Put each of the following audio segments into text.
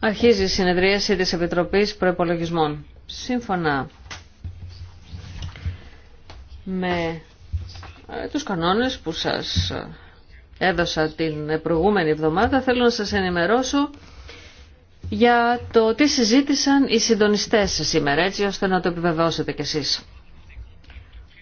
Αρχίζει η συνεδρίαση της Επιτροπής Προϋπολογισμών. Σύμφωνα με ε, τους κανόνες που σας ε, έδωσα την προηγούμενη εβδομάδα, θέλω να σας ενημερώσω για το τι συζήτησαν οι συντονιστές σήμερα, έτσι ώστε να το επιβεβαιώσετε κι εσείς.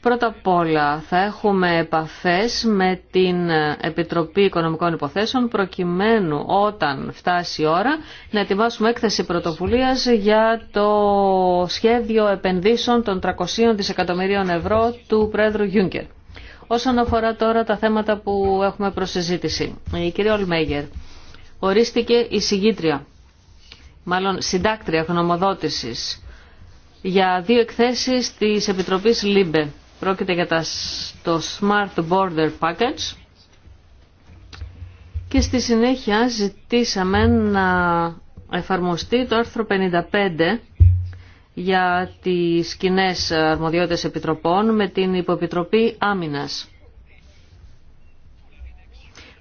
Πρώτα απ' όλα θα έχουμε επαφές με την Επιτροπή Οικονομικών Υποθέσεων προκειμένου όταν φτάσει η ώρα να ετοιμάσουμε έκθεση πρωτοβουλίας για το σχέδιο επενδύσεων των 300 δισεκατομμυρίων ευρώ του Πρόεδρου Γιούγκερ. Όσον αφορά τώρα τα θέματα που έχουμε προσυζήτηση, η κυρία Ολμέγερ ορίστηκε η συγγήτρια, μάλλον συντάκτρια γνωμοδότησης για δύο εκθέσεις της Επιτροπής ΛΥΜΠΕ Πρόκειται για το Smart Border Package και στη συνέχεια ζητήσαμε να εφαρμοστεί το άρθρο 55 για τις κοινέ αρμοδιότητες επιτροπών με την Υποπιτροπή Άμυνας.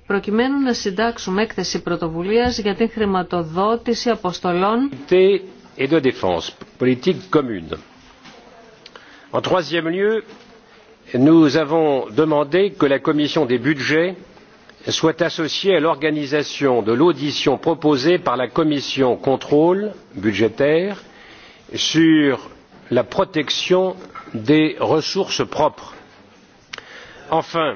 Προκειμένου να συντάξουμε έκθεση πρωτοβουλίας για την χρηματοδότηση αποστολών nous avons demandé que la commission des budgets soit associée à l'organisation de l'audition proposée par la commission contrôle budgétaire sur la protection des ressources propres. enfin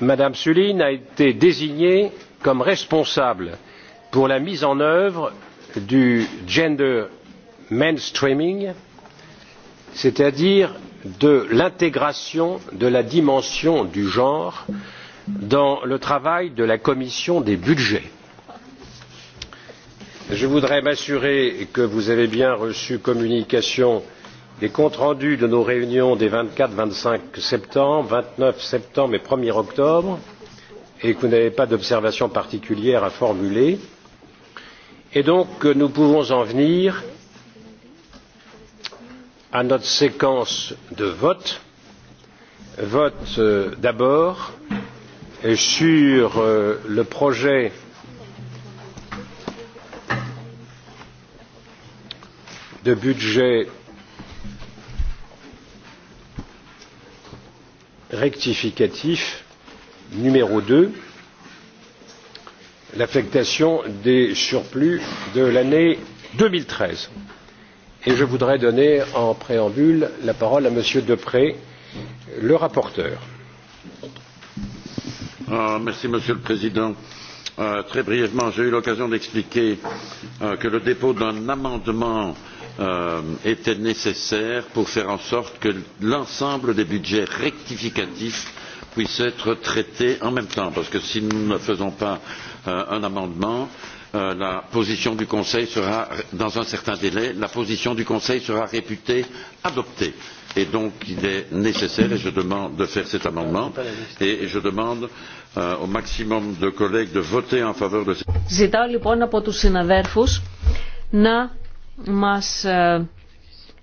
mme Suline a été désignée comme responsable pour la mise en œuvre du gender mainstreaming c'est à dire de l'intégration de la dimension du genre dans le travail de la commission des budgets. je voudrais m'assurer que vous avez bien reçu communication des comptes rendus de nos réunions des vingt quatre vingt cinq septembre vingt neuf septembre et 1 er octobre et que vous n'avez pas d'observation particulière à formuler et donc nous pouvons en venir à notre séquence de vote. Vote d'abord sur le projet de budget rectificatif numéro deux, l'affectation des surplus de l'année 2013 et je voudrais donner en préambule la parole à M. Depré, le rapporteur. Merci, Monsieur le Président. Très brièvement, j'ai eu l'occasion d'expliquer que le dépôt d'un amendement était nécessaire pour faire en sorte que l'ensemble des budgets rectificatifs puissent être traités en même temps, parce que si nous ne faisons pas un amendement, la position du Conseil sera, dans un certain délai, la position du Conseil sera réputée adoptée. Et donc, il est nécessaire, et je demande de faire cet amendement, et je demande au maximum de collègues de voter en faveur de cet λοιπόν από τους συναδέρφους να μας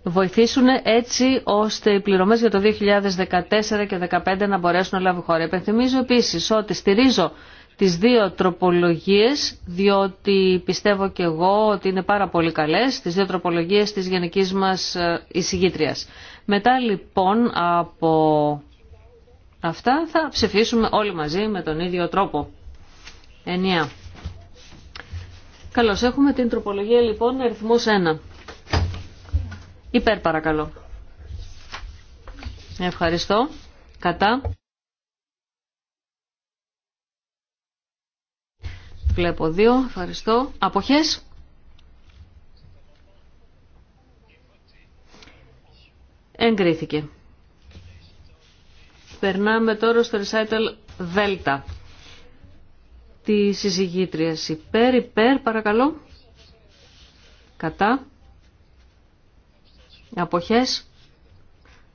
βοηθήσουν έτσι ώστε οι πληρωμές για το 2014 και 2015 να μπορέσουν να λάβουν χώρα. Επενθυμίζω επίσης ότι στηρίζω τις δύο τροπολογίες, διότι πιστεύω και εγώ ότι είναι πάρα πολύ καλές, τις δύο τροπολογίες της γενικής μας ε, εισηγήτριας. Μετά λοιπόν από αυτά θα ψηφίσουμε όλοι μαζί με τον ίδιο τρόπο. Ενία. Καλώς έχουμε την τροπολογία λοιπόν αριθμός 1. Υπέρ παρακαλώ. Ευχαριστώ. Κατά. Βλέπω δύο. Ευχαριστώ. Αποχές. Εγκρίθηκε. Περνάμε τώρα στο recital Δέλτα. Τη συζυγήτρια υπέρ, υπέρ, παρακαλώ. Κατά. Αποχές.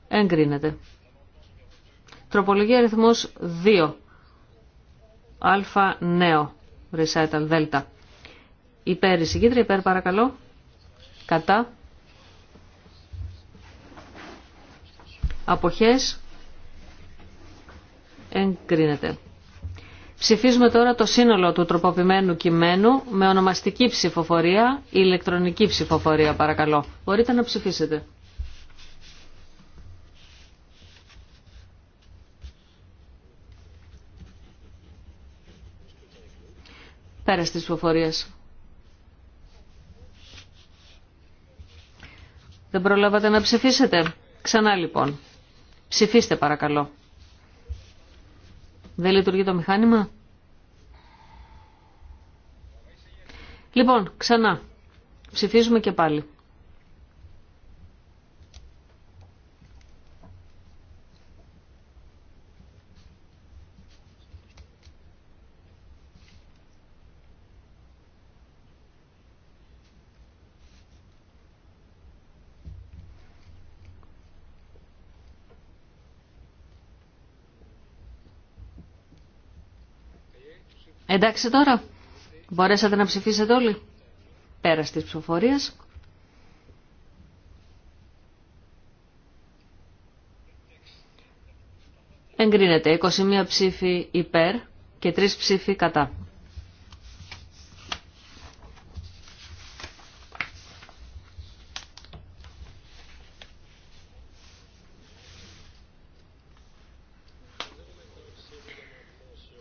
Εγκρίνεται. Τροπολογία αριθμός 2. Α νέο recital delta. Υπέρ εισηγήτρια, υπέρ παρακαλώ. Κατά. Αποχές. Εγκρίνεται. Ψηφίζουμε τώρα το σύνολο του τροποποιημένου κειμένου με ονομαστική ψηφοφορία, ηλεκτρονική ψηφοφορία παρακαλώ. Μπορείτε να ψηφίσετε. Πέρα τη ψηφοφορίες. Δεν προλάβατε να ψηφίσετε. Ξανά λοιπόν. Ψηφίστε παρακαλώ. Δεν λειτουργεί το μηχάνημα. Λοιπόν, ξανά. Ψηφίζουμε και πάλι. Εντάξει τώρα. Μπορέσατε να ψηφίσετε όλοι. Πέρα της ψηφοφορίας. Εγκρίνεται 21 ψήφοι υπέρ και 3 ψήφοι κατά.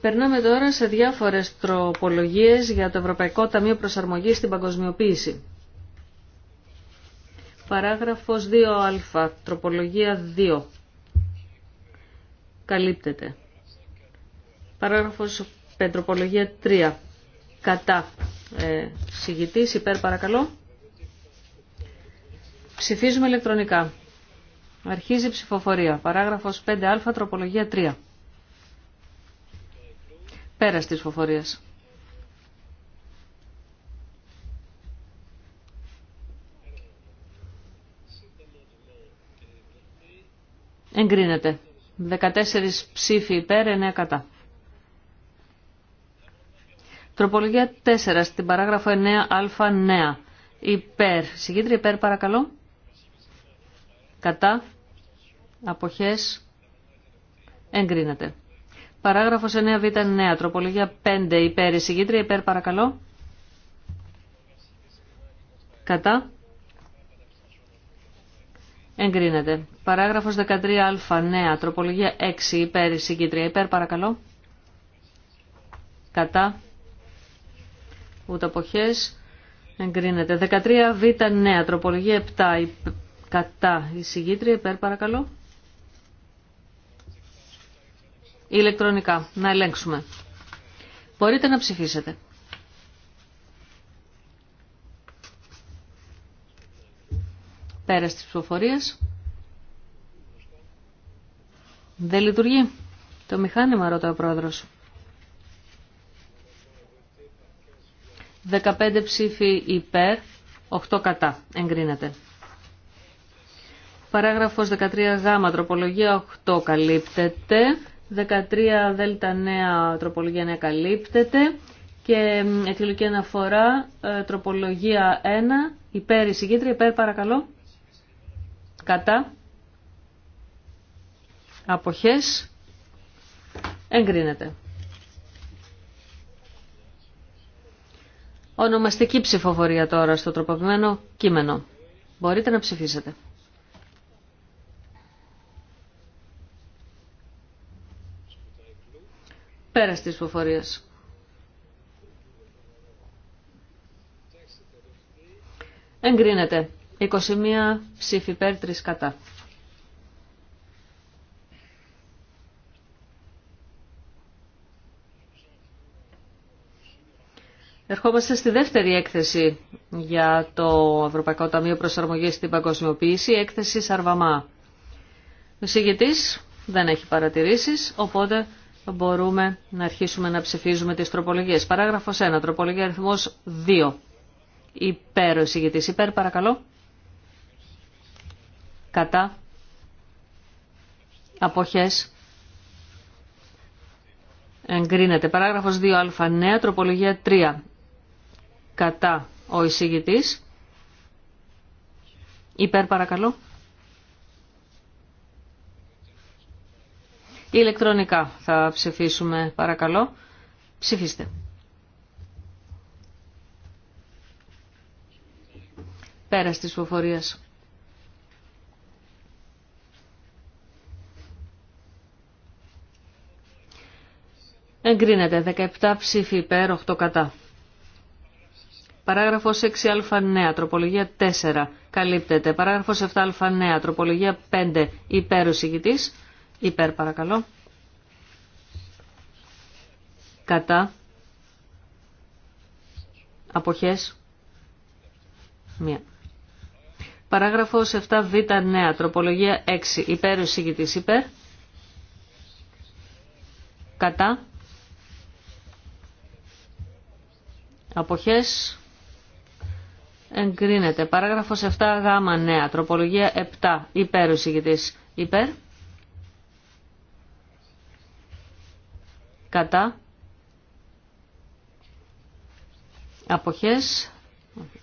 Περνάμε τώρα σε διάφορες τροπολογίες για το Ευρωπαϊκό Ταμείο Προσαρμογής στην Παγκοσμιοποίηση. Παράγραφος 2α, τροπολογία 2. Καλύπτεται. Παράγραφος 5, τροπολογία 3. Κατά. Ε, υπέρ παρακαλώ. Ψηφίζουμε ηλεκτρονικά. Αρχίζει η ψηφοφορία. Παράγραφος 5α, τροπολογία 3 πέρα τη φοφορίας. Εγκρίνεται. 14 ψήφοι υπέρ, 9 κατά. Τροπολογία 4 στην παράγραφο 9α νέα. Υπέρ. Συγκίτρια υπέρ παρακαλώ. Κατά. Αποχές. Εγκρίνεται. Παράγραφος β νέα. τροπολογία 5, υπέρ εισηγήτρια, υπέρ παρακαλώ. Κατά. Εγκρίνεται. Παράγραφος 13α, νέα, τροπολογία 6, υπέρ εισηγήτρια, υπέρ παρακαλώ. Κατά. Ούτε αποχές. Εγκρίνεται. 13β, νέα, τροπολογία 7, υπέρ, κατά εισηγήτρια, υπέρ παρακαλώ. ηλεκτρονικά, να ελέγξουμε. Μπορείτε να ψηφίσετε. Πέρα τη ψηφοφορίας. Δεν λειτουργεί. Το μηχάνημα ρωτάει ο πρόεδρος. 15 ψήφοι υπέρ, 8 κατά. Εγκρίνεται. Παράγραφος 13 γ, τροπολογία 8 καλύπτεται. 13 δέλτα νέα τροπολογία νέα καλύπτεται και εκλογική φορά ε, τροπολογία 1 υπέρ εισηγήτρια υπέρ παρακαλώ κατά αποχές εγκρίνεται. Ονομαστική ψηφοφορία τώρα στο τροποποιημένο κείμενο. Μπορείτε να ψηφίσετε. Πέρα τη ψηφοφορίας. Εγκρίνεται. 21 ψήφι υπέρ, κατά. Ερχόμαστε στη δεύτερη έκθεση για το Ευρωπαϊκό Ταμείο Προσαρμογής στην Παγκοσμιοποίηση, έκθεση Σαρβαμά. Ο συγγετής δεν έχει παρατηρήσεις, οπότε μπορούμε να αρχίσουμε να ψηφίζουμε τις τροπολογίες. Παράγραφος 1, τροπολογία αριθμός 2. Υπέρ ο εισηγητής. Υπέρ παρακαλώ. Κατά. Αποχές. Εγκρίνεται. Παράγραφος 2α νέα, τροπολογία 3. Κατά ο εισηγητής. Υπέρ παρακαλώ. Ηλεκτρονικά θα ψηφίσουμε παρακαλώ. Ψηφίστε. πέρα της ψηφοφορίας. Εγκρίνεται 17 ψηφί υπέρ, 8 κατά. Παράγραφος 6α νέα, τροπολογία 4, καλύπτεται. Παράγραφος 7α νέα, τροπολογία 5, υπέρ ο συγκητής. Υπέρ παρακαλώ. Κατά. Αποχές. Μία. Παράγραφος 7β νέα. Τροπολογία 6. Υπέρ ο συγκητής υπέρ. Κατά. Αποχές. Εγκρίνεται. Παράγραφος 7 γάμα νέα. Τροπολογία 7. Υπέρ ο υπερ κατα αποχες εγκρινεται παραγραφος 7 γαμα νεα τροπολογια 7 υπερ ο υπέρ. υπερ κατά αποχές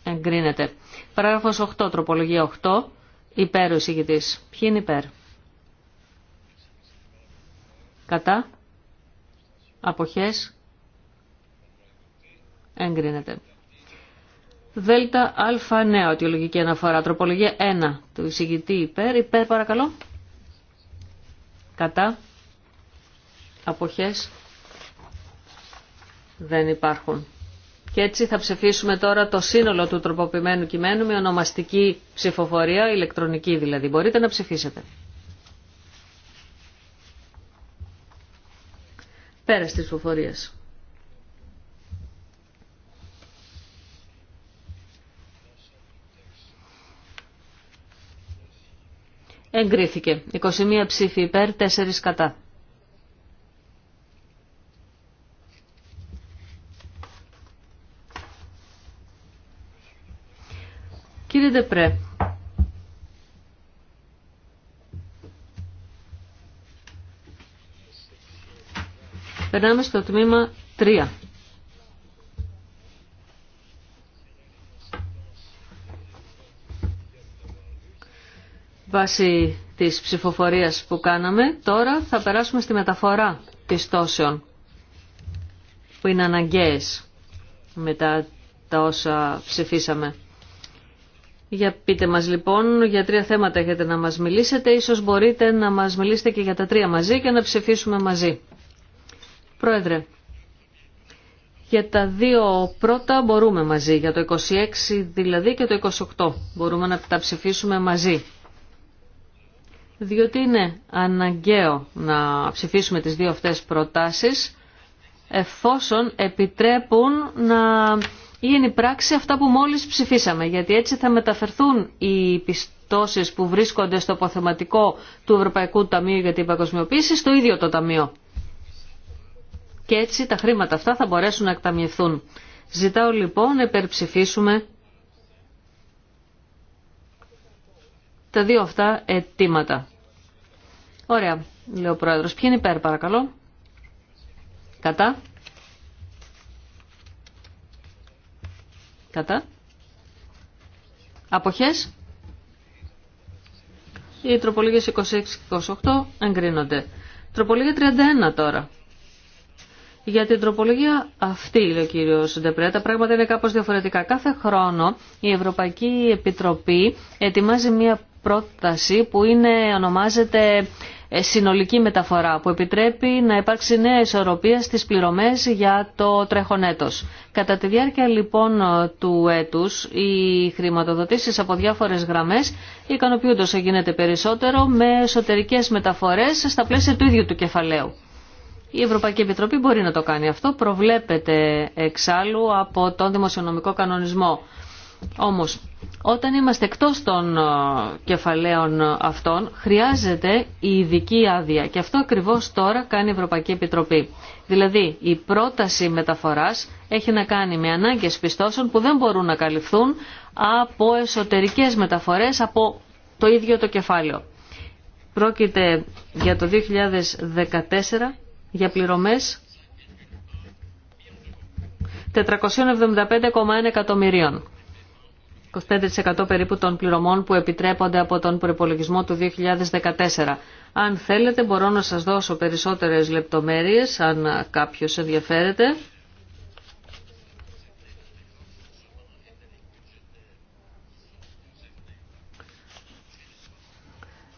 εγκρίνεται. Παράγραφος 8, τροπολογία 8, υπέρ ο εισηγητής. Ποιοι είναι υπέρ. Κατά αποχές εγκρίνεται. Δέλτα Α νέα αιτιολογική αναφορά. Τροπολογία 1 του εισηγητή υπέρ. Υπέρ παρακαλώ. Κατά. Αποχές δεν υπάρχουν. Και έτσι θα ψηφίσουμε τώρα το σύνολο του τροποποιημένου κειμένου με ονομαστική ψηφοφορία, ηλεκτρονική δηλαδή. Μπορείτε να ψηφίσετε. Πέρα της ψηφοφορίας. Εγκρίθηκε. 21 ψήφοι υπέρ, 4 κατά. Περνάμε στο τμήμα 3. Βάσει της ψηφοφορίας που κάναμε, τώρα θα περάσουμε στη μεταφορά της τόσεων που είναι αναγκαίες μετά τα όσα ψηφίσαμε. Για πείτε μας λοιπόν, για τρία θέματα έχετε να μας μιλήσετε. Ίσως μπορείτε να μας μιλήσετε και για τα τρία μαζί και να ψηφίσουμε μαζί. Πρόεδρε, για τα δύο πρώτα μπορούμε μαζί, για το 26 δηλαδή και το 28. Μπορούμε να τα ψηφίσουμε μαζί. Διότι είναι αναγκαίο να ψηφίσουμε τις δύο αυτές προτάσεις εφόσον επιτρέπουν να είναι η πράξη αυτά που μόλις ψηφίσαμε, γιατί έτσι θα μεταφερθούν οι πιστώσεις που βρίσκονται στο αποθεματικό του Ευρωπαϊκού Ταμείου για την Παγκοσμιοποίηση στο ίδιο το Ταμείο. Και έτσι τα χρήματα αυτά θα μπορέσουν να εκταμιευθούν. Ζητάω λοιπόν να υπερψηφίσουμε τα δύο αυτά αιτήματα. Ωραία, λέει ο Πρόεδρος. Ποιοι είναι υπέρ, παρακαλώ. Κατά. Κατά. Αποχές. Οι τροπολογίες 26 28 εγκρίνονται. Τροπολογία 31 τώρα. Για την τροπολογία αυτή, λέει ο κύριο Ντεπρέ, τα πράγματα είναι κάπω διαφορετικά. Κάθε χρόνο η Ευρωπαϊκή Επιτροπή ετοιμάζει μία πρόταση που είναι, ονομάζεται ε, συνολική μεταφορά που επιτρέπει να υπάρξει νέα ισορροπία στις πληρωμές για το τρέχον έτος. Κατά τη διάρκεια λοιπόν του έτους, οι χρηματοδοτήσεις από διάφορες γραμμές ικανοποιούνται όσο γίνεται περισσότερο με εσωτερικές μεταφορές στα πλαίσια του ίδιου του κεφαλαίου. Η Ευρωπαϊκή Επιτροπή μπορεί να το κάνει αυτό, προβλέπεται εξάλλου από τον δημοσιονομικό κανονισμό. Όμως, όταν είμαστε εκτός των ε, κεφαλαίων αυτών, χρειάζεται η ειδική άδεια. Και αυτό ακριβώς τώρα κάνει η Ευρωπαϊκή Επιτροπή. Δηλαδή, η πρόταση μεταφοράς έχει να κάνει με ανάγκες πιστώσεων που δεν μπορούν να καλυφθούν από εσωτερικές μεταφορές από το ίδιο το κεφάλαιο. Πρόκειται για το 2014 για πληρωμές 475,1 εκατομμυρίων. 25% περίπου των πληρωμών που επιτρέπονται από τον προπολογισμό του 2014. Αν θέλετε μπορώ να σας δώσω περισσότερες λεπτομέρειες αν κάποιος ενδιαφέρεται.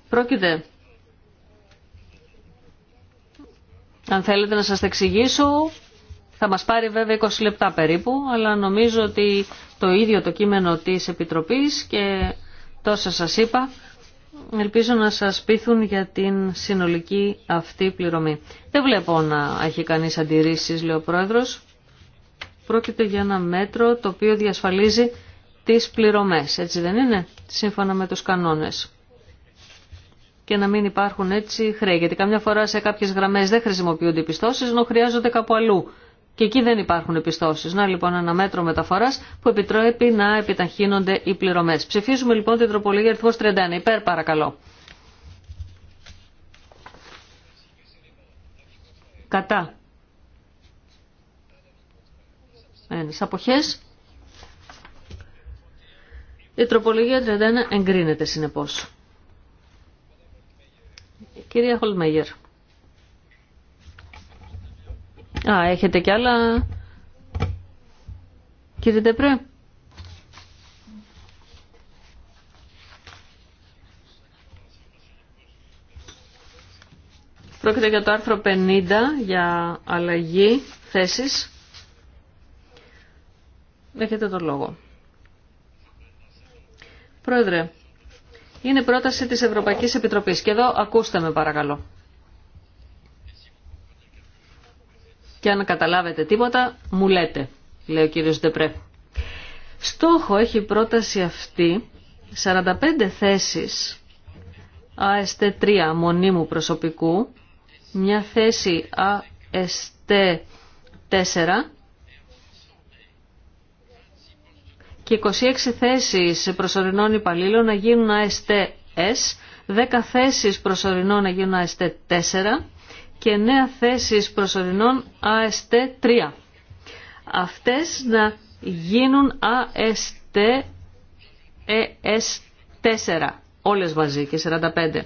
Πρόκειται, αν θέλετε να σας εξηγήσω, θα μας πάρει βέβαια 20 λεπτά περίπου, αλλά νομίζω ότι το ίδιο το κείμενο της Επιτροπής και τόσα σας είπα. Ελπίζω να σας πείθουν για την συνολική αυτή πληρωμή. Δεν βλέπω να έχει κανείς αντιρρήσεις, λέει ο Πρόεδρος. Πρόκειται για ένα μέτρο το οποίο διασφαλίζει τις πληρωμές, έτσι δεν είναι, σύμφωνα με τους κανόνες. Και να μην υπάρχουν έτσι χρέη, γιατί καμιά φορά σε κάποιες γραμμές δεν χρησιμοποιούνται οι πιστώσεις, ενώ χρειάζονται κάπου αλλού και εκεί δεν υπάρχουν επιστώσει. Να λοιπόν ένα μέτρο μεταφορά που επιτρέπει να επιταχύνονται οι πληρωμέ. Ψηφίζουμε λοιπόν την τροπολογία αριθμό 31. Υπέρ παρακαλώ. Κατά. Ένας αποχές. Η τροπολογία 31 εγκρίνεται συνεπώς. Κυρία Χολμέγερ. Α, έχετε κι άλλα. Κύριε Ντεπρέ. Πρόκειται για το άρθρο 50 για αλλαγή θέσης. Έχετε το λόγο. Πρόεδρε, είναι πρόταση της Ευρωπαϊκής Επιτροπής και εδώ ακούστε με παρακαλώ. Και αν καταλάβετε τίποτα, μου λέτε, λέει ο κύριος Ντεπρέ. Στόχο έχει η πρόταση αυτή 45 θέσεις AST3 μονίμου προσωπικού, μια θέση AST4 και 26 θέσεις προσωρινών υπαλλήλων να γίνουν ASTS, 10 θέσεις προσωρινών να γίνουν AST4 και νέα θέσεις προσωρινών προσωρινών 3. Αυτές να γίνουν AST ES 4, όλες μαζί και 45.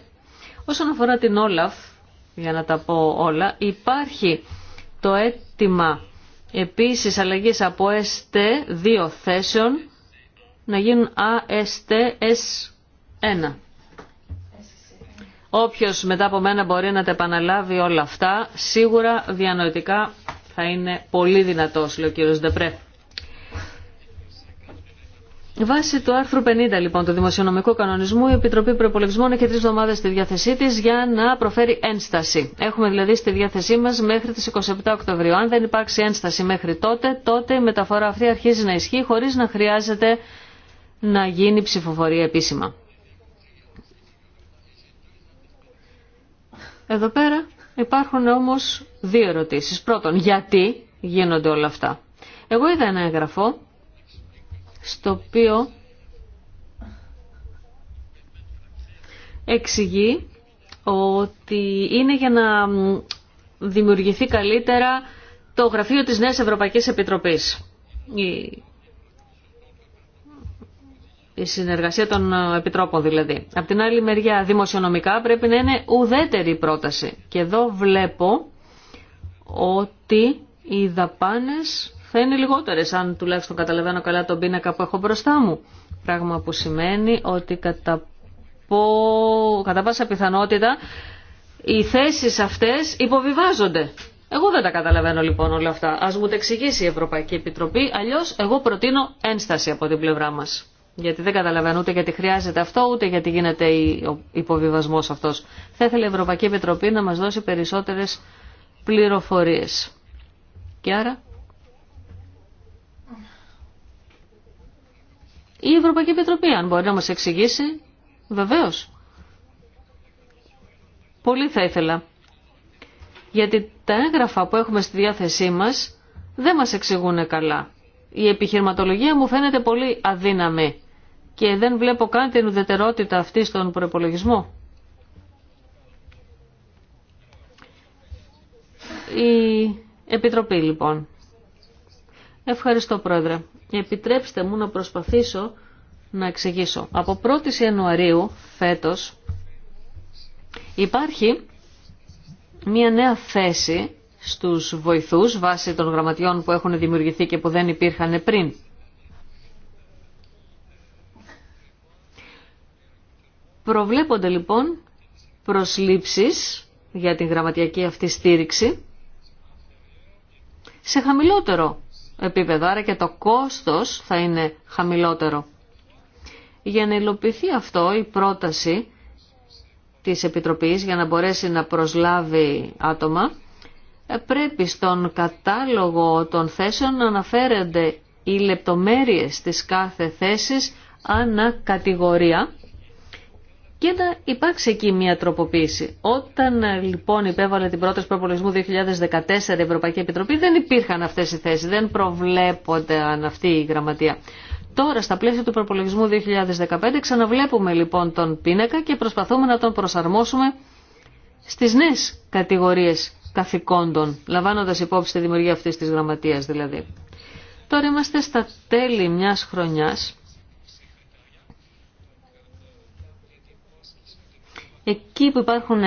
Όσον αφορά την Όλαφ, για να τα πω όλα, υπάρχει το αίτημα επίσης αλλαγής από από 2 θέσεων να γίνουν AST 1 Όποιος μετά από μένα μπορεί να τα επαναλάβει όλα αυτά, σίγουρα διανοητικά θα είναι πολύ δυνατός, λέει ο κύριος Ντεπρέ. Βάσει του άρθρου 50 λοιπόν του Δημοσιονομικού Κανονισμού, η Επιτροπή Προπολογισμών έχει τρει εβδομάδε στη διάθεσή τη για να προφέρει ένσταση. Έχουμε δηλαδή στη διάθεσή μα μέχρι τι 27 Οκτωβρίου. Αν δεν υπάρξει ένσταση μέχρι τότε, τότε η μεταφορά αυτή αρχίζει να ισχύει χωρί να χρειάζεται να γίνει ψηφοφορία επίσημα. Εδώ πέρα υπάρχουν όμως δύο ερωτήσεις. Πρώτον, γιατί γίνονται όλα αυτά. Εγώ είδα ένα εγγραφό στο οποίο εξηγεί ότι είναι για να δημιουργηθεί καλύτερα το γραφείο της Νέας Ευρωπαϊκής Επιτροπής η συνεργασία των ε, επιτρόπων δηλαδή. Απ' την άλλη μεριά δημοσιονομικά πρέπει να είναι ουδέτερη η πρόταση. Και εδώ βλέπω ότι οι δαπάνες θα είναι λιγότερες, αν τουλάχιστον καταλαβαίνω καλά τον πίνακα που έχω μπροστά μου. Πράγμα που σημαίνει ότι κατά, πο... κατά πάσα πιθανότητα οι θέσεις αυτές υποβιβάζονται. Εγώ δεν τα καταλαβαίνω λοιπόν όλα αυτά. Ας μου τα εξηγήσει η Ευρωπαϊκή Επιτροπή, αλλιώς εγώ προτείνω ένσταση από την πλευρά μας γιατί δεν καταλαβαίνω ούτε γιατί χρειάζεται αυτό, ούτε γιατί γίνεται ο υποβιβασμός αυτός. Θα ήθελε η Ευρωπαϊκή Επιτροπή να μας δώσει περισσότερες πληροφορίες. Και άρα... Η Ευρωπαϊκή Επιτροπή, αν μπορεί να μας εξηγήσει, βεβαίως. Πολύ θα ήθελα. Γιατί τα έγγραφα που έχουμε στη διάθεσή μας δεν μας εξηγούν καλά. Η επιχειρηματολογία μου φαίνεται πολύ αδύναμη και δεν βλέπω καν την ουδετερότητα αυτή στον προπολογισμό. Η Επιτροπή λοιπόν. Ευχαριστώ Πρόεδρε. Επιτρέψτε μου να προσπαθήσω να εξηγήσω. Από 1η Ιανουαρίου φέτος υπάρχει μια νέα θέση στους βοηθούς βάσει των γραμματιών που έχουν δημιουργηθεί και που δεν υπήρχαν πριν. Προβλέπονται λοιπόν προσλήψεις για την γραμματιακή αυτή στήριξη σε χαμηλότερο επίπεδο, άρα και το κόστος θα είναι χαμηλότερο. Για να υλοποιηθεί αυτό η πρόταση της Επιτροπής για να μπορέσει να προσλάβει άτομα, ε, πρέπει στον κατάλογο των θέσεων να αναφέρονται οι λεπτομέρειες της κάθε θέσης ανακατηγορία και να υπάρξει εκεί μια τροποποίηση. Όταν ε, λοιπόν υπέβαλε την πρόταση προπολογισμού 2014 η Ευρωπαϊκή Επιτροπή δεν υπήρχαν αυτές οι θέσεις, δεν προβλέπονταν αυτή η γραμματεία. Τώρα στα πλαίσια του προπολογισμού 2015 ξαναβλέπουμε λοιπόν τον πίνακα και προσπαθούμε να τον προσαρμόσουμε στις νέες κατηγορίες καθηκόντων, λαμβάνοντας υπόψη τη δημιουργία αυτής της γραμματείας δηλαδή. Τώρα είμαστε στα τέλη μιας χρονιάς εκεί που υπάρχουν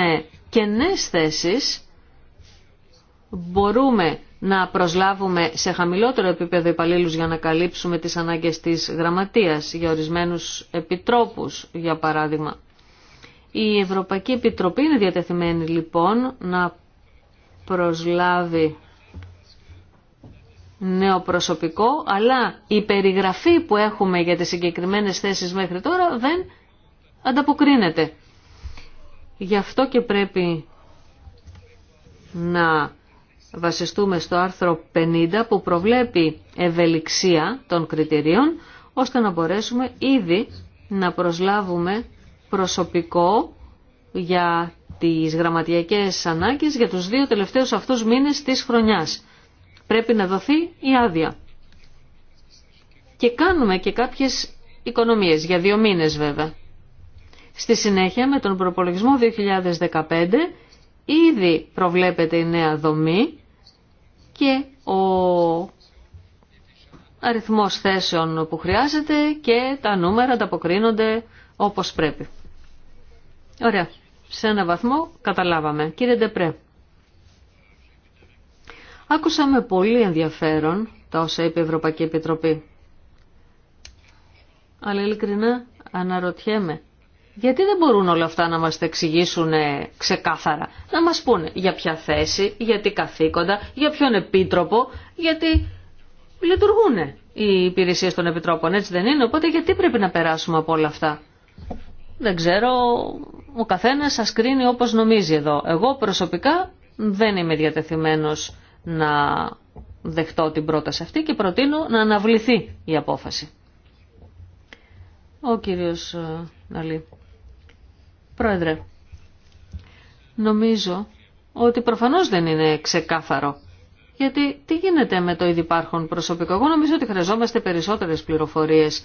κενές θέσεις μπορούμε να προσλάβουμε σε χαμηλότερο επίπεδο υπαλλήλους για να καλύψουμε τις ανάγκες της γραμματείας, για ορισμένους επιτρόπους, για παράδειγμα. Η Ευρωπαϊκή Επιτροπή είναι διατεθειμένη λοιπόν να προσλάβει νέο προσωπικό, αλλά η περιγραφή που έχουμε για τις συγκεκριμένες θέσεις μέχρι τώρα δεν ανταποκρίνεται. Γι' αυτό και πρέπει να βασιστούμε στο άρθρο 50 που προβλέπει ευελιξία των κριτηρίων ώστε να μπορέσουμε ήδη να προσλάβουμε προσωπικό για τις γραμματιακές ανάγκες για τους δύο τελευταίους αυτούς μήνες της χρονιάς. Πρέπει να δοθεί η άδεια. Και κάνουμε και κάποιες οικονομίες, για δύο μήνες βέβαια. Στη συνέχεια με τον προπολογισμό 2015 ήδη προβλέπεται η νέα δομή και ο αριθμός θέσεων που χρειάζεται και τα νούμερα τα αποκρίνονται όπως πρέπει. Ωραία. Σε ένα βαθμό καταλάβαμε. Κύριε Ντεπρέ, άκουσα πολύ ενδιαφέρον τα όσα είπε η Ευρωπαϊκή Επιτροπή. Αλλά ειλικρινά αναρωτιέμαι γιατί δεν μπορούν όλα αυτά να μας τα εξηγήσουν ε, ξεκάθαρα. Να μας πούνε για ποια θέση, για τι καθήκοντα, για ποιον επίτροπο, γιατί λειτουργούν οι υπηρεσίες των επιτρόπων, έτσι δεν είναι. Οπότε γιατί πρέπει να περάσουμε από όλα αυτά. Δεν ξέρω, ο καθένας σας κρίνει όπως νομίζει εδώ. Εγώ προσωπικά δεν είμαι διατεθειμένος να δεχτώ την πρόταση αυτή και προτείνω να αναβληθεί η απόφαση. Ο κύριος ε, Ναλή. Πρόεδρε, νομίζω ότι προφανώς δεν είναι ξεκάθαρο. Γιατί τι γίνεται με το ήδη υπάρχον προσωπικό. Εγώ νομίζω ότι χρειαζόμαστε περισσότερες πληροφορίες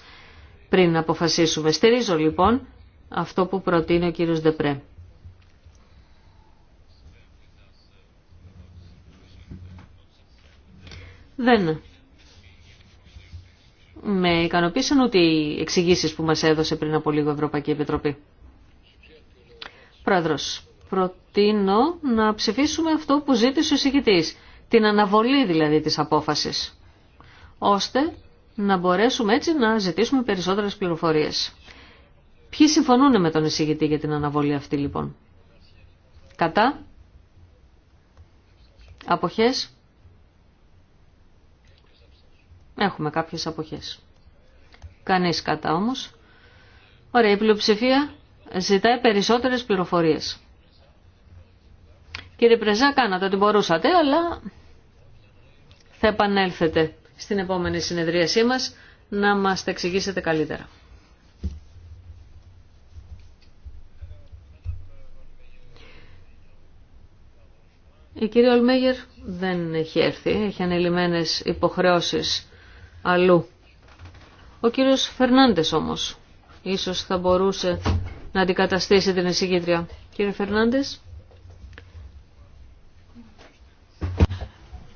πριν να αποφασίσουμε. Στηρίζω λοιπόν αυτό που προτείνει ο κύριος Δεπρέ. Δεν με ικανοποίησαν ούτε οι εξηγήσει που μας έδωσε πριν από λίγο η Ευρωπαϊκή Επιτροπή. Πρόεδρος, προτείνω να ψηφίσουμε αυτό που ζήτησε ο εισηγητής, την αναβολή δηλαδή της απόφασης, ώστε να μπορέσουμε έτσι να ζητήσουμε περισσότερες πληροφορίες. Ποιοι συμφωνούν με τον εισηγητή για την αναβολή αυτή λοιπόν. Κατά. Αποχές. Έχουμε κάποιες αποχές. Κανείς κατά όμως. Ωραία, η πλειοψηφία ζητάει περισσότερες πληροφορίες. Κύριε Πρεζά, κάνατε ό,τι μπορούσατε, αλλά θα επανέλθετε στην επόμενη συνεδρίασή μας να μας τα εξηγήσετε καλύτερα. Η κυρία Ολμέγερ δεν έχει έρθει, έχει ανελημμένες υποχρεώσεις αλλού. Ο κύριος Φερνάντες όμως ίσως θα μπορούσε να αντικαταστήσει την εισηγήτρια. Κύριε Φερνάντες.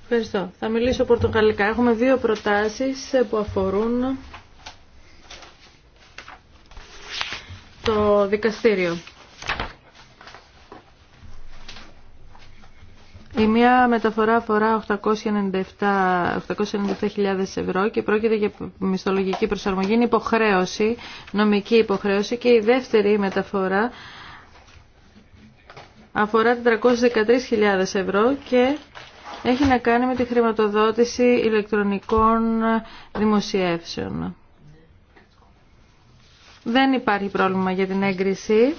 Ευχαριστώ. Θα μιλήσω πορτογαλικά. Έχουμε δύο προτάσεις που αφορούν το δικαστήριο. Η μία μεταφορά αφορά 897.000 ευρώ και πρόκειται για μισθολογική προσαρμογή, είναι υποχρέωση, νομική υποχρέωση και η δεύτερη μεταφορά αφορά 413.000 ευρώ και έχει να κάνει με τη χρηματοδότηση ηλεκτρονικών δημοσιεύσεων. Δεν υπάρχει πρόβλημα για την έγκριση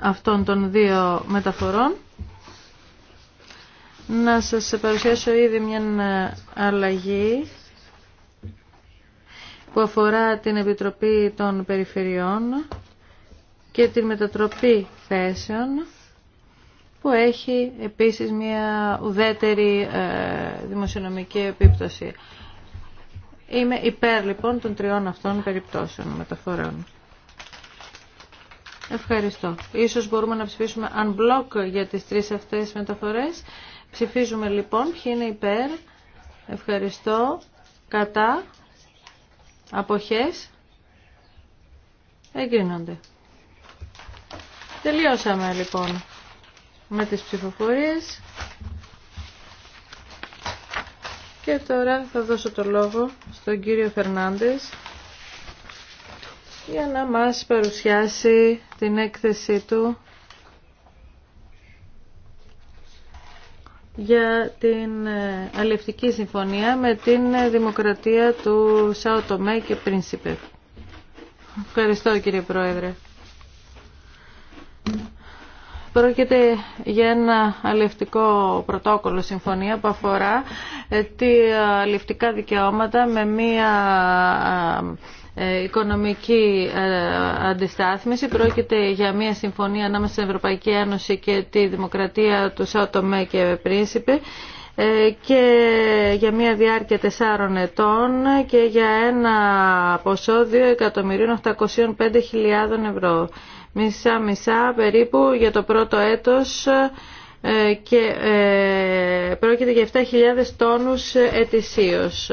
αυτών των δύο μεταφορών να σας παρουσιάσω ήδη μια αλλαγή που αφορά την Επιτροπή των Περιφερειών και την μετατροπή θέσεων που έχει επίσης μια ουδέτερη ε, δημοσιονομική επίπτωση. Είμαι υπέρ λοιπόν των τριών αυτών περιπτώσεων μεταφορών. Ευχαριστώ. Ίσως μπορούμε να ψηφίσουμε unblock για τις τρεις αυτές μεταφορές. Ψηφίζουμε λοιπόν ποιοι είναι υπέρ. Ευχαριστώ. Κατά. Αποχές. Εγκρίνονται. Τελειώσαμε λοιπόν με τις ψηφοφορίες. Και τώρα θα δώσω το λόγο στον κύριο Φερνάντες για να μας παρουσιάσει την έκθεσή του για την ε, αλληλευτική συμφωνία με την ε, δημοκρατία του Σαοτομέ και Πρίνσιπε. Ευχαριστώ κύριε Πρόεδρε. Πρόκειται για ένα αλληλευτικό πρωτόκολλο συμφωνία που αφορά ε, τα αλληλευτικά δικαιώματα με μία ε, οικονομική ε, αντιστάθμιση. Πρόκειται για μια συμφωνία ανάμεσα στην Ευρωπαϊκή Ένωση και τη Δημοκρατία του Σαοτομέ και Πρίνσιπε ε, και για μια διάρκεια τεσσάρων ετών και για ένα ποσό 2.805.000 ευρώ. Μισά-μισά περίπου για το πρώτο έτος και πρόκειται για 7.000 τόνους ετησίως.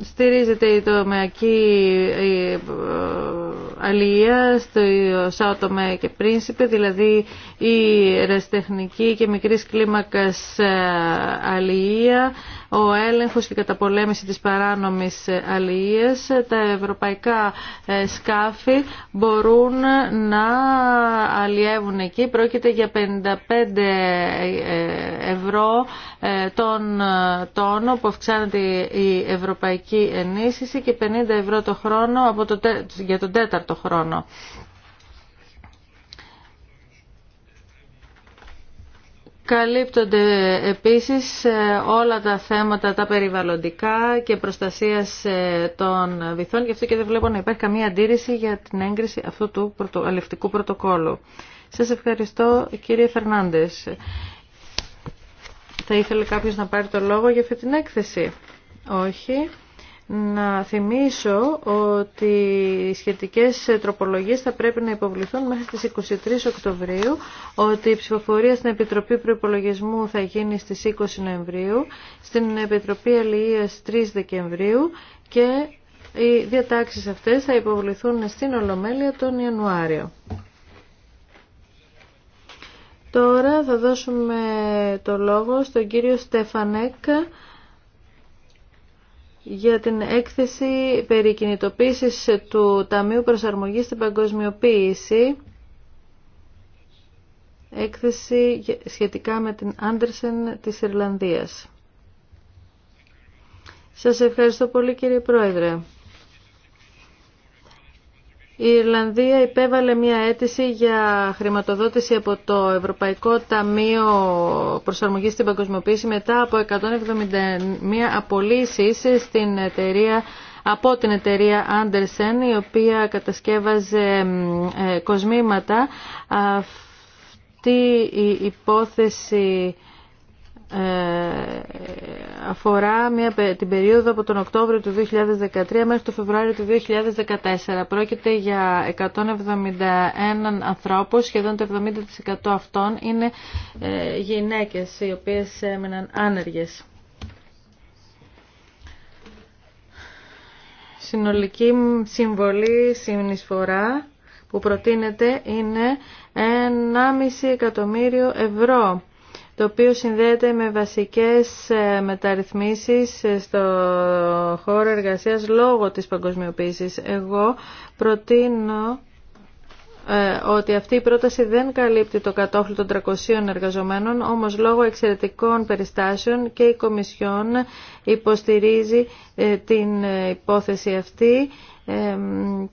στηρίζεται η τομεακή ε, αλληλεία στο Σάοτομε και Πρίνσιπε, δηλαδή η ρεστεχνική και μικρής κλίμακας ε, αλληλεία ο έλεγχος και η καταπολέμηση της παράνομης αλληλείας, τα ευρωπαϊκά ε, σκάφη μπορούν να αλλιεύουν εκεί. Πρόκειται για 55 ε, ευρώ ε, τον τόνο που αυξάνεται η ευρωπαϊκή ενίσχυση και 50 ευρώ το χρόνο από το, για τον τέταρτο χρόνο. Καλύπτονται επίσης ε, όλα τα θέματα τα περιβαλλοντικά και προστασίας ε, των βυθών. Γι' αυτό και δεν βλέπω να υπάρχει καμία αντίρρηση για την έγκριση αυτού του αλευτικού πρωτοκόλου. Σας ευχαριστώ κύριε Φερνάντες. Θα ήθελε κάποιος να πάρει το λόγο για αυτή την έκθεση. Όχι. Να θυμίσω ότι οι σχετικές τροπολογίες θα πρέπει να υποβληθούν μέχρι στις 23 Οκτωβρίου, ότι η ψηφοφορία στην Επιτροπή Προϋπολογισμού θα γίνει στις 20 Νοεμβρίου, στην Επιτροπή Αλληλείας 3 Δεκεμβρίου και οι διατάξεις αυτές θα υποβληθούν στην Ολομέλεια τον Ιανουάριο. Τώρα θα δώσουμε το λόγο στον κύριο Στεφανέκ, για την έκθεση περί κινητοποίησης του Ταμείου Προσαρμογής στην Παγκοσμιοποίηση έκθεση σχετικά με την Άντερσεν της Ιρλανδίας. Σας ευχαριστώ πολύ κύριε Πρόεδρε η Ιρλανδία υπέβαλε μια αίτηση για χρηματοδότηση από το Ευρωπαϊκό Ταμείο Προσαρμογής στην Παγκοσμιοποίηση μετά από 171 απολύσεις στην εταιρεία από την εταιρεία Andersen, η οποία κατασκεύαζε ε, κοσμήματα. Αυτή η υπόθεση ε, αφορά μια, την περίοδο από τον Οκτώβριο του 2013 μέχρι το Φεβρουάριο του 2014. Πρόκειται για 171 ανθρώπους, σχεδόν το 70% αυτών είναι ε, γυναίκες οι οποίες έμειναν άνεργες. Συνολική συμβολή, συνεισφορά που προτείνεται είναι 1,5 εκατομμύριο ευρώ το οποίο συνδέεται με βασικές ε, μεταρρυθμίσεις ε, στο χώρο εργασίας λόγω της παγκοσμιοποίησης. Εγώ προτείνω ε, ότι αυτή η πρόταση δεν καλύπτει το κατόφλι των 300 εργαζομένων, όμως λόγω εξαιρετικών περιστάσεων και η Κομισιόν υποστηρίζει την υπόθεση αυτή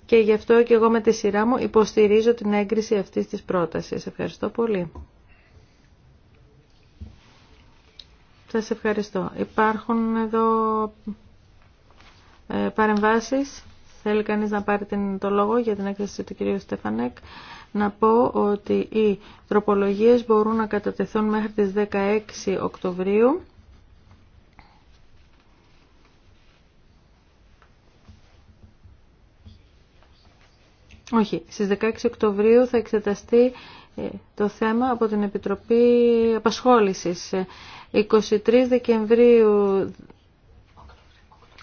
και γι' αυτό και εγώ με τη σειρά μου υποστηρίζω την έγκριση αυτής της πρότασης. Ευχαριστώ πολύ. Σας ευχαριστώ. Υπάρχουν εδώ ε, παρεμβάσεις. Θέλει κανείς να πάρει το λόγο για την έκθεση του κυρίου Στεφανέκ. Να πω ότι οι τροπολογίες μπορούν να κατατεθούν μέχρι τις 16 Οκτωβρίου. Όχι, στις 16 Οκτωβρίου θα εξεταστεί ε, το θέμα από την Επιτροπή Απασχόλησης. 23 Δεκεμβρίου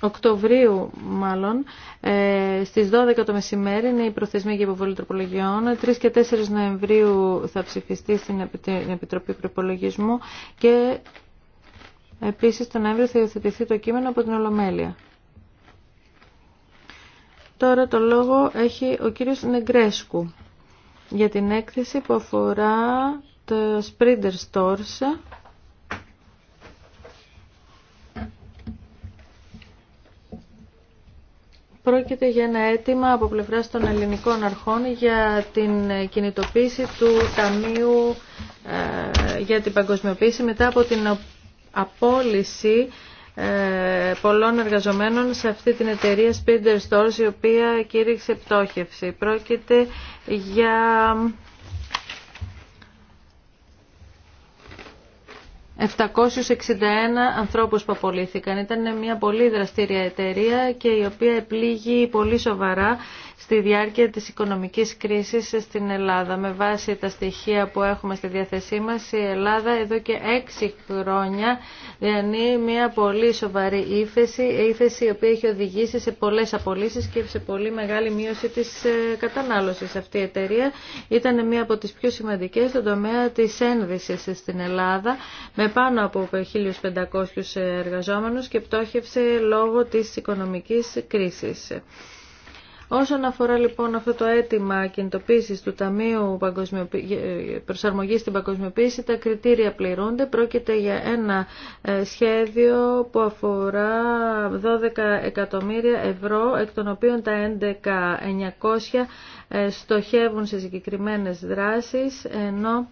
Οκτωβρίου μάλλον, ε, στις 12 το μεσημέρι είναι η προθεσμία για υποβολή τροπολογιών. 3 και 4 Νοεμβρίου θα ψηφιστεί στην Επιτροπή Προπολογισμού και επίσης τον Νοέμβριο θα υιοθετηθεί το κείμενο από την Ολομέλεια. Τώρα το λόγο έχει ο κύριος Νεγκρέσκου για την έκθεση που αφορά το Sprinter Stores. Πρόκειται για ένα αίτημα από πλευράς των ελληνικών αρχών για την κινητοποίηση του Ταμείου ε, για την Παγκοσμιοποίηση μετά από την απόλυση ε, πολλών εργαζομένων σε αυτή την εταιρεία Spinder Stores η οποία κήρυξε πτώχευση. Πρόκειται για... ...761 ανθρώπους που απολύθηκαν. Ήταν μια πολύ δραστήρια εταιρεία και η οποία επλήγει πολύ σοβαρά στη διάρκεια της οικονομικής κρίσης στην Ελλάδα. Με βάση τα στοιχεία που έχουμε στη διαθεσή μας, η Ελλάδα εδώ και έξι χρόνια διανύει μια πολύ σοβαρή ύφεση, ύφεση η οποία έχει οδηγήσει σε πολλές απολύσεις και σε πολύ μεγάλη μείωση της ε, κατανάλωσης. Αυτή η εταιρεία ήταν μια από τις πιο σημαντικές στον τομέα της ένδυσης στην Ελλάδα, με πάνω από 1.500 εργαζόμενους και πτώχευσε λόγω της οικονομικής κρίσης. Όσον αφορά λοιπόν αυτό το αίτημα κινητοποίηση του Ταμείου ε, Προσαρμογή στην Παγκοσμιοποίηση, τα κριτήρια πληρούνται. Πρόκειται για ένα ε, σχέδιο που αφορά 12 εκατομμύρια ευρώ, εκ των οποίων τα 11.900 ε, στοχεύουν σε συγκεκριμένες δράσεις, ενώ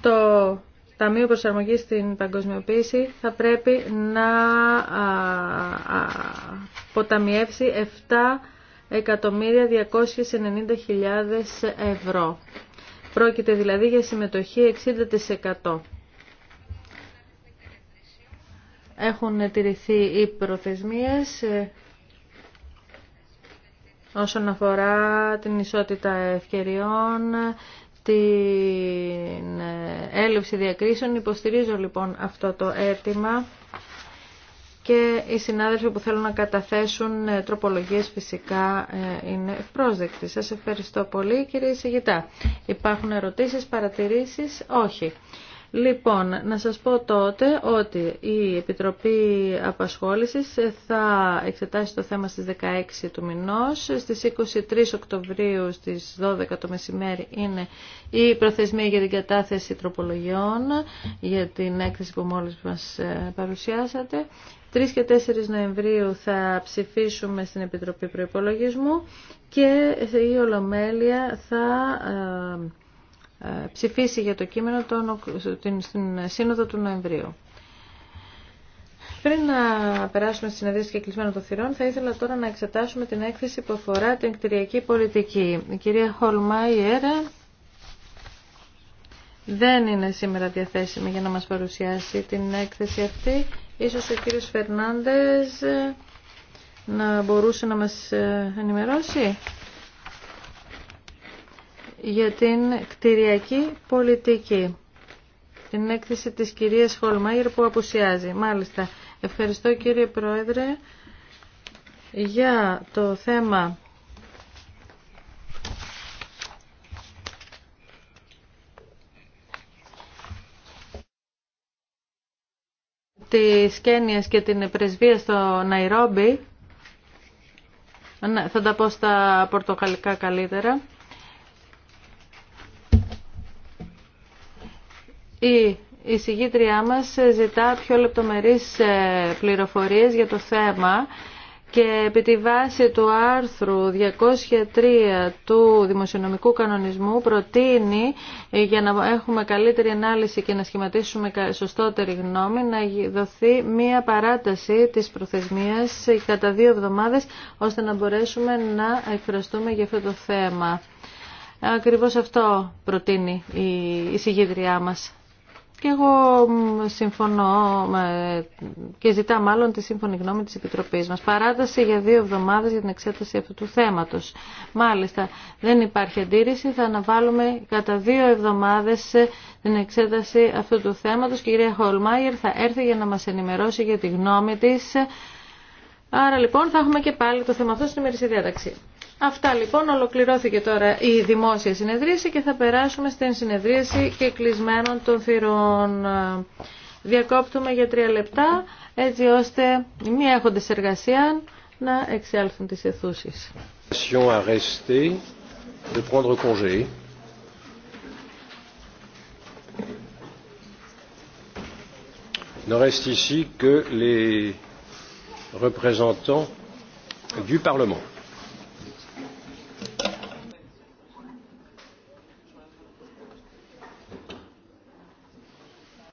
το Ταμείο Προσαρμογή στην Παγκοσμιοποίηση θα πρέπει να αποταμιεύσει 7.290.000 ευρώ. Πρόκειται δηλαδή για συμμετοχή 60%. Έχουν τηρηθεί οι προθεσμίες ε, όσον αφορά την ισότητα ευκαιριών, την ε, έλευση διακρίσεων. Υποστηρίζω λοιπόν αυτό το αίτημα και οι συνάδελφοι που θέλουν να καταθέσουν ε, τροπολογίες φυσικά ε, είναι ευπρόσδεκτοι. Σας ευχαριστώ πολύ κύριε Σιγητά. Υπάρχουν ερωτήσεις, παρατηρήσεις, όχι. Λοιπόν, να σας πω τότε ότι η Επιτροπή Απασχόλησης θα εξετάσει το θέμα στις 16 του μηνός. Στις 23 Οκτωβρίου στις 12 το μεσημέρι είναι η προθεσμία για την κατάθεση τροπολογιών για την έκθεση που μόλις μας ε, παρουσιάσατε. 3 και 4 Νοεμβρίου θα ψηφίσουμε στην Επιτροπή Προϋπολογισμού και η Ολομέλεια θα ε, ε, ψηφίσει για το κείμενο στην Σύνοδο του Νοεμβρίου. Πριν να περάσουμε στις συνεδρίαση και κλεισμένο των θυρών, θα ήθελα τώρα να εξετάσουμε την έκθεση που αφορά την κτηριακή πολιτική. Η κυρία Χολμάιερ δεν είναι σήμερα διαθέσιμη για να μας παρουσιάσει την έκθεση αυτή. Ίσως ο κύριος Φερνάντες να μπορούσε να μας ε, ενημερώσει για την κτηριακή πολιτική. Την έκθεση της κυρίας Χολμάγερ που απουσιάζει. Μάλιστα. Ευχαριστώ κύριε Πρόεδρε για το θέμα Τη Κένιας και την πρεσβεία στο Ναϊρόμπι. Θα τα πω στα πορτοκαλικά καλύτερα. η εισηγήτριά μας ζητά πιο λεπτομερείς ε, πληροφορίες για το θέμα και επί τη βάση του άρθρου 203 του Δημοσιονομικού Κανονισμού προτείνει ε, για να έχουμε καλύτερη ανάλυση και να σχηματίσουμε σωστότερη γνώμη να δοθεί μία παράταση της προθεσμίας κατά δύο εβδομάδες ώστε να μπορέσουμε να εκφραστούμε για αυτό το θέμα. Ακριβώς αυτό προτείνει η εισηγήτριά μας. Και εγώ συμφωνώ και ζητά μάλλον τη σύμφωνη γνώμη της Επιτροπής μας. Παράταση για δύο εβδομάδες για την εξέταση αυτού του θέματος. Μάλιστα, δεν υπάρχει αντίρρηση. Θα αναβάλουμε κατά δύο εβδομάδες ε, την εξέταση αυτού του θέματος. κυρία Χολμάγερ θα έρθει για να μας ενημερώσει για τη γνώμη της. Άρα λοιπόν θα έχουμε και πάλι το θέμα αυτό στην ημερησία διάταξη. Αυτά λοιπόν ολοκληρώθηκε τώρα η δημόσια συνεδρίαση και θα περάσουμε στην συνεδρίαση και κλεισμένων των θυρών. Διακόπτουμε για τρία λεπτά έτσι ώστε οι μη έχοντες εργασία να εξέλθουν τις αιθούσεις. Ne reste ici que les représentants du Parlement.